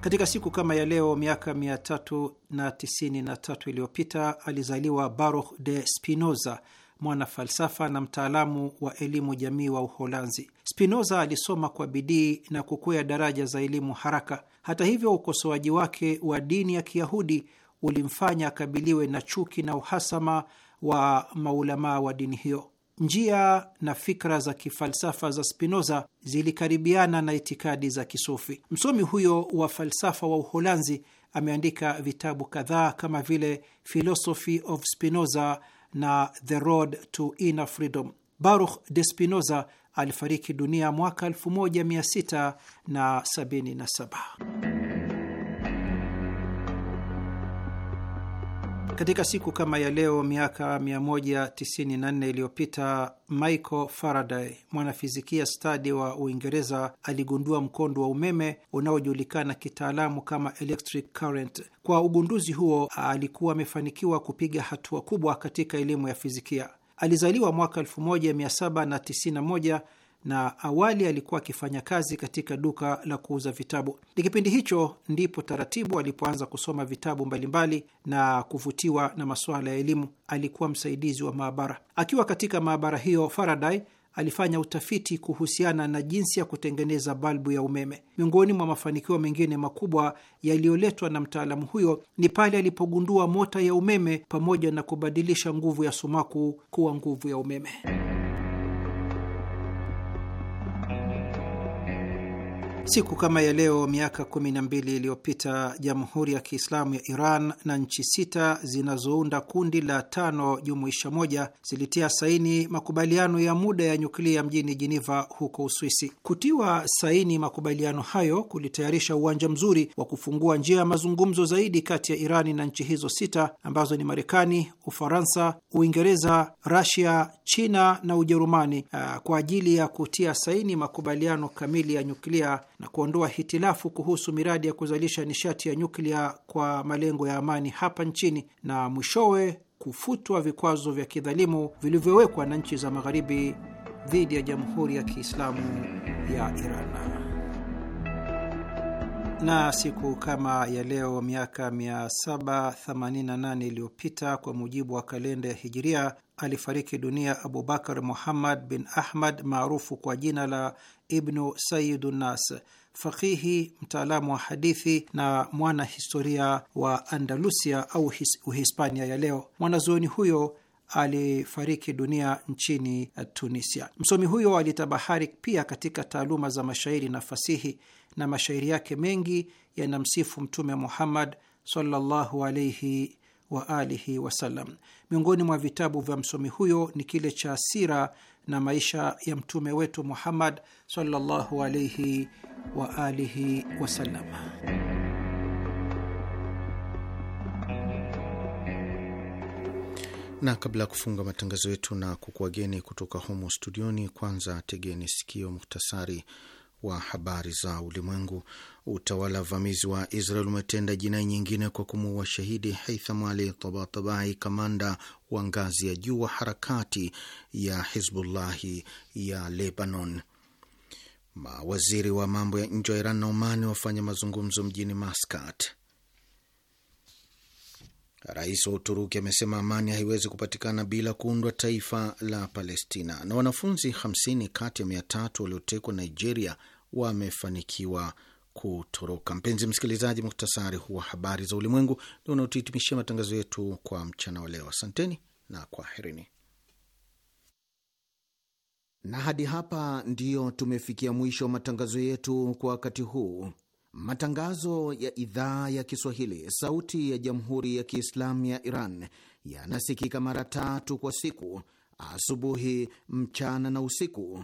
[SPEAKER 4] Katika siku kama ya leo miaka 393 iliyopita alizaliwa Baruch de Spinoza mwanafalsafa na mtaalamu wa elimu jamii wa Uholanzi. Spinoza alisoma kwa bidii na kukwea daraja za elimu haraka. Hata hivyo, ukosoaji wake wa dini ya Kiyahudi ulimfanya akabiliwe na chuki na uhasama wa maulamaa wa dini hiyo. Njia na fikra za kifalsafa za Spinoza zilikaribiana na itikadi za kisufi. Msomi huyo wa falsafa wa Uholanzi ameandika vitabu kadhaa kama vile Philosophy of Spinoza na The Road to Inner Freedom. Baruch de Spinoza alifariki dunia mwaka 1677. Katika siku kama ya leo miaka 194 iliyopita Michael Faraday, mwanafizikia stadi wa Uingereza, aligundua mkondo wa umeme unaojulikana kitaalamu kama electric current. Kwa ugunduzi huo, alikuwa amefanikiwa kupiga hatua kubwa katika elimu ya fizikia. Alizaliwa mwaka 1791 na awali alikuwa akifanya kazi katika duka la kuuza vitabu. Ni kipindi hicho ndipo taratibu alipoanza kusoma vitabu mbalimbali na kuvutiwa na masuala ya elimu. Alikuwa msaidizi wa maabara. Akiwa katika maabara hiyo, Faraday alifanya utafiti kuhusiana na jinsi ya kutengeneza balbu ya umeme. Miongoni mwa mafanikio mengine makubwa yaliyoletwa na mtaalamu huyo ni pale alipogundua mota ya umeme pamoja na kubadilisha nguvu ya sumaku kuwa nguvu ya umeme. Siku kama ya leo miaka kumi na mbili iliyopita Jamhuri ya Kiislamu ya Iran na nchi sita zinazounda kundi la tano jumuisha moja zilitia saini makubaliano ya muda ya nyuklia mjini Jiniva huko Uswisi. Kutiwa saini makubaliano hayo kulitayarisha uwanja mzuri wa kufungua njia ya mazungumzo zaidi kati ya Irani na nchi hizo sita ambazo ni Marekani, Ufaransa, Uingereza, Rasia, China na Ujerumani uh, kwa ajili ya kutia saini makubaliano kamili ya nyuklia na kuondoa hitilafu kuhusu miradi ya kuzalisha nishati ya nyuklia kwa malengo ya amani hapa nchini na mwishowe kufutwa vikwazo vya kidhalimu vilivyowekwa na nchi za magharibi dhidi ya Jamhuri ya Kiislamu ya Iran. Na siku kama ya leo miaka 788 iliyopita kwa mujibu wa kalenda ya Hijiria alifariki dunia Abubakar Muhammad bin Ahmad maarufu kwa jina la Ibnu Sayidu Nas, fakihi mtaalamu wa hadithi na mwana historia wa Andalusia au Uhispania ya leo. Mwanazuoni huyo alifariki dunia nchini Tunisia. Msomi huyo alitabahari pia katika taaluma za mashairi na fasihi, na mashairi yake mengi yanamsifu Mtume Muhammad sallallahu alaihi wa alihi wasallam. Miongoni mwa vitabu vya msomi huyo ni kile cha sira na maisha ya mtume wetu Muhammad sallallahu alaihi wa alihi wasallam.
[SPEAKER 1] Na kabla ya kufunga matangazo yetu na kukuageni kutoka humo studioni, kwanza tegeni sikio muhtasari wa habari za ulimwengu. Utawala vamizi wa Israel umetenda jinai nyingine kwa kumuua shahidi Haitham Ali Tabatabai, kamanda wa ngazi ya juu wa harakati ya Hizbullahi ya Lebanon. Mawaziri wa mambo ya nje wa Iran na Omani wafanya mazungumzo mjini Maskat. Rais wa Uturuki amesema amani haiwezi kupatikana bila kuundwa taifa la Palestina. Na wanafunzi 50 kati ya mia tatu waliotekwa Nigeria wamefanikiwa kutoroka. Mpenzi msikilizaji, muktasari huu wa habari za ulimwengu ndio unaotuhitimishia matangazo yetu kwa mchana wa leo. Asanteni na kwaherini. Na hadi hapa ndiyo tumefikia mwisho wa matangazo yetu kwa wakati huu. Matangazo ya idhaa ya Kiswahili, sauti ya jamhuri ya kiislamu ya Iran yanasikika mara tatu kwa siku: asubuhi, mchana na usiku.